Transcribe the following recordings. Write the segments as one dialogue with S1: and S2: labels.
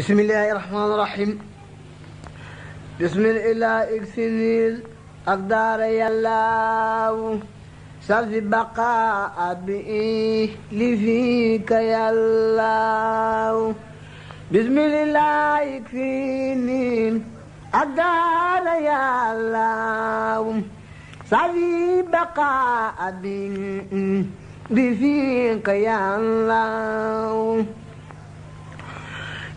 S1: بسم الله الرحمن الرحيم بسم الله اكسنيل أقدار يلاو سلف بقاء بإيه لفيك يلاو بسم الله اكسنيل أقدار يلاو سلف بقاء بإيه لفيك يلاو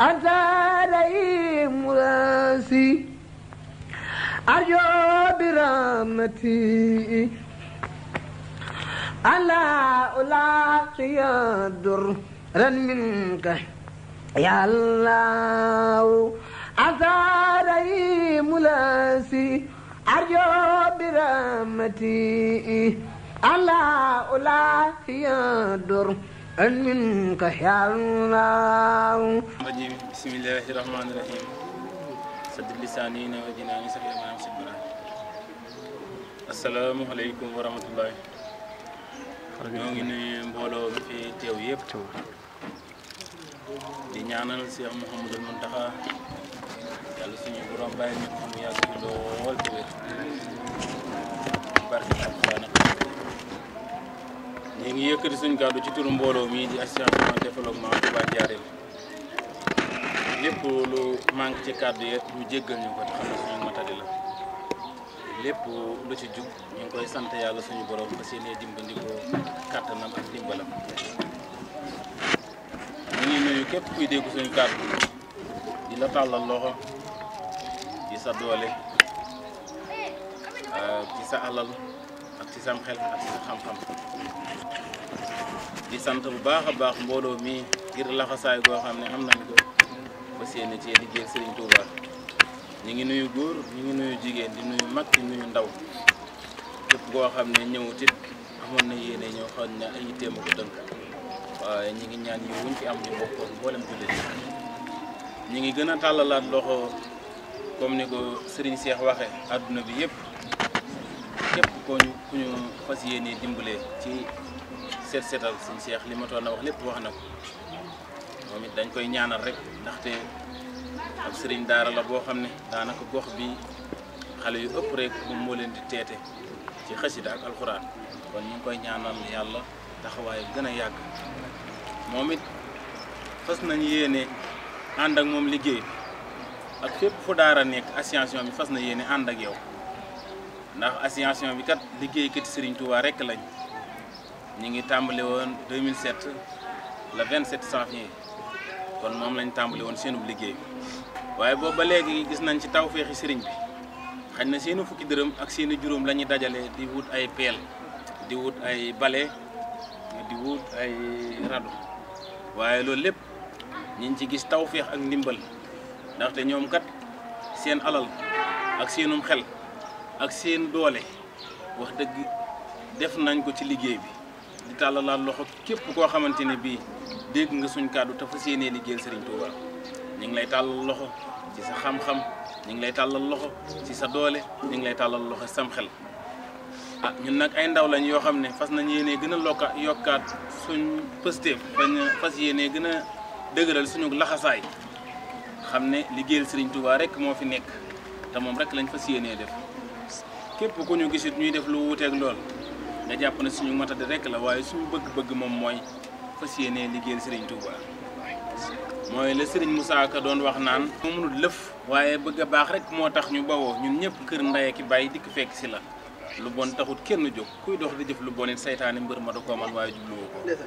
S1: أنثاري مراسي أرجو برامتي ألا ألاقي درا منك يا الله أنثاري مراسي أرجو برامتي ألا ألاقي درا هل منك يا الله
S2: الرجيم بسم الله الرحمن الرحيم صدر لساني وجناني سفي امام سبرا السلام عليكم ورحمة الله ñoo ngi nuyu mbooloo mi fi teew yëpp di ñaanal Cheikh Mouhamadul Muntaxa yàlla suñu borom bàyyi ñu mu yàgg fi lool te wér ñu ngi yëkkati suñu kàddu ci turu mbooloo mi di association développement Touba Ndiarème lépp lu manque ci kàddu yëpp ñu jéggal ñu ko te xam suñu matadi la lépp lu ci jub ñu ngi koy sant yàlla suñu borom ba seenee dimbandikoo kàttanam ak dimbalam ñu ngi nuyu képp kuy dégg suñu kàddu di la tàllal loxo di sa doole ci ah, sa alal ak ci sam xel ak ci xam-xam di sant bu baax a baax mbooloo mi ngir laxasaay goo xam ne am nañ ko ba seen ci liggéey Serigne Touba ñu ngi nuyu góor ñu nuyu jigéen di nuyu mag di nuyu ndaw képp goo xam ne ñëwut amoon na yéene ñoo xam ne ay yitteem ko dënk waaye ñu ngi ñaan yi ci am ñu bokkoon mboolem jullit ñi ngi gën a tàllalaat loxo comme ni ko Serigne seex waxe àdduna bi yëpp. képp koo ñu ku ñu fas yéenee dimbale ci seet seetal suñ seex li ma toon a wax lépp wax na ko moom it dañ koy ñaanal rek ndaxte ak sëriñ daara la boo xam ne daanaka gox bi xale yu ëpp rek moom moo leen di teete ci xasida ak alxuraan kon ñu ngi koy ñaanal yàlla taxawaay gën a yàgg moom it fas nañ yéene ànd ak moom liggéey ak fépp fu daara nekk association bi fas na yéene ànd ak yow ndax association bi kat liggéeykat Serigne Touba rek lañ ñu ngi tàmbali woon 2007 le 27 janvier kon moom lañ tàmbali woon seenub liggéey waaye boobu ba léegi gis nañ ci tawféexi sëriñ bi xañ na seenu fukki dërëm ak seeni juróom la ñuy dajale di wut ay peel di wut ay bale di wut ay rado waaye loolu lépp ñu ngi ci gis tawféex ak ndimbal ndaxte ñoom kat seen alal ak seenum xel. ak seen doole wax dëgg def nañ ko ci liggéey bi di tàllalaat loxo képp koo xamante ne bii dégg nga suñ kàddu te fas yéenee liggéeyal Serigne Touba ñu ngi lay tàllal loxo ci sa xam-xam ñu ngi lay tàllal loxo sa doole ñu ngi lay tàllal loxo sam xel. Ah, ñun nag ay ndaw lañ yoo xam ne fas nañ yéenee gën a lokka yokkaat suñ pësteef dañ fas yéenee gën a dëgëral suñu laxasaay xam ne liggéeyal Serigne Touba rek moo fi nekk te moom rek lañ fas yéenee def. képp ku ñu gisit ñuy def lu wuuteeg lool nga jàpp na suñu di rekk la waaye suñu bëgg-bëgg moom mooy fas yéenee liggéeyal Serigne Touba mooy la sëriñ Moussa Ka doon wax naan moo mënul lëf waaye bëgg a baax rek moo tax ñu bawoo ñun ñëpp kër ndaye ki bàyyi dikk fekk si la lu bon taxut kenn jóg kuy dox di jëf lu bon seytaane mbër ma da koo man waaye jubluwoo ko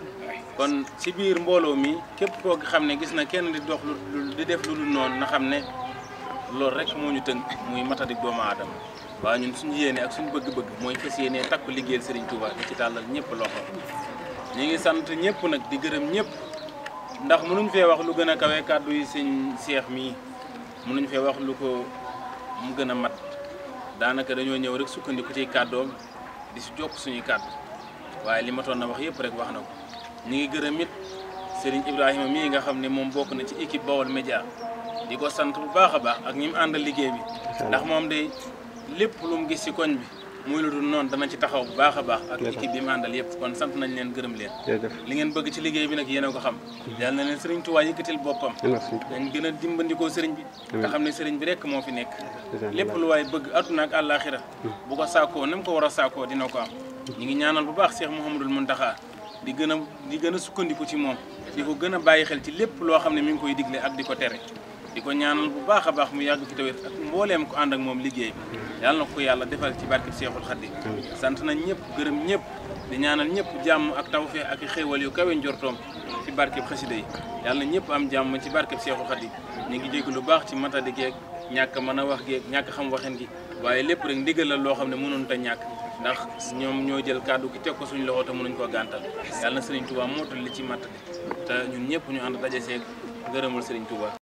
S2: kon ci biir mbooloo mi képp koo xam ne gis na kenn di dox lu di def lu dul noonu na xam ne loolu rek moo ñu tënk muy matadi doomu aadama waaw ñun suñu yéene ak suñu bëgg-bëgg mooy fas yéene takku liggéeyal Serigne Touba di ci tàllal ñëpp loxo ñu ngi sant ñëpp nag di gërëm ñëpp ndax mënuñ fee wax lu gën a kawe kàddu yi sëñ Cheikh mii mënuñ fee wax lu ko mu gën a mat daanaka dañoo ñëw rek sukkandiku ciy kàddoom di si jokk suñuy kàdd waaye li ma toon na wax yëpp rek wax na ko ñu ngi gërëm it Serigne Ibrahima mii nga xam ne moom bokk na ci équipe Baol Média di ko sant bu baax a baax ak ñi mu liggéey bi lépp lu mu gis si koñ bi muy lu dul noonu dana ci taxaw bu baax a baax ak équipe bi mu àndal yëpp kon sant nañ leen gërëm leen li ngeen bëgg ci liggéey bi nag yéen a ko xam yàlla na leen sëriñ Tuubaa yëkkatil boppam dañ gën a dimbandikoo sëriñ bi nga xam ne sëriñ bi rekk moo fi nekk lépp lu waaye bëgg àdduna ak àllaaxira hmm. bu ko sàkkoo ni mu ko war a sàkkoo dina ko am ñi ngi ñaanal bu baax seex Cheikh Mouhamadul Mountakha di gën a di gën a sukkandiku ci moom di ko gën a bàyyi xel ci lépp loo xam ne mi ngi koy digle ak di tere di ko ñaanal bu baax a baax mu yàgg fi tawét ak mbooleem ko ànd ak moom liggéey bi yàlla na ko yàlla defal ci barkeb Seexul Xadiim sant nañ ñëpp gërëm ñëpp di ñaanal ñëpp jàmm ak tawfeex ak xéewal yu kawe njortoom ci barkeb xasida yi yàlla ñëpp am jàmm ci barkeb Seexul Xadiim ñu ngi jégg lu baax ci matadi geeg ñàkk mën a wax geeg ñàkk xam waxen gi waaye lépp rek ndigal la loo xam ne mënoon te ñàkk ndax ñoom ñoo jël kàddu gi teg ko suñu loxo te mënuñ ko gàntal yàlla na Sëriñ Tuubaa mootal li ci matt te ñun ñëpp ñu ànd daje seeg gërëmul Sëriñ Tuubaa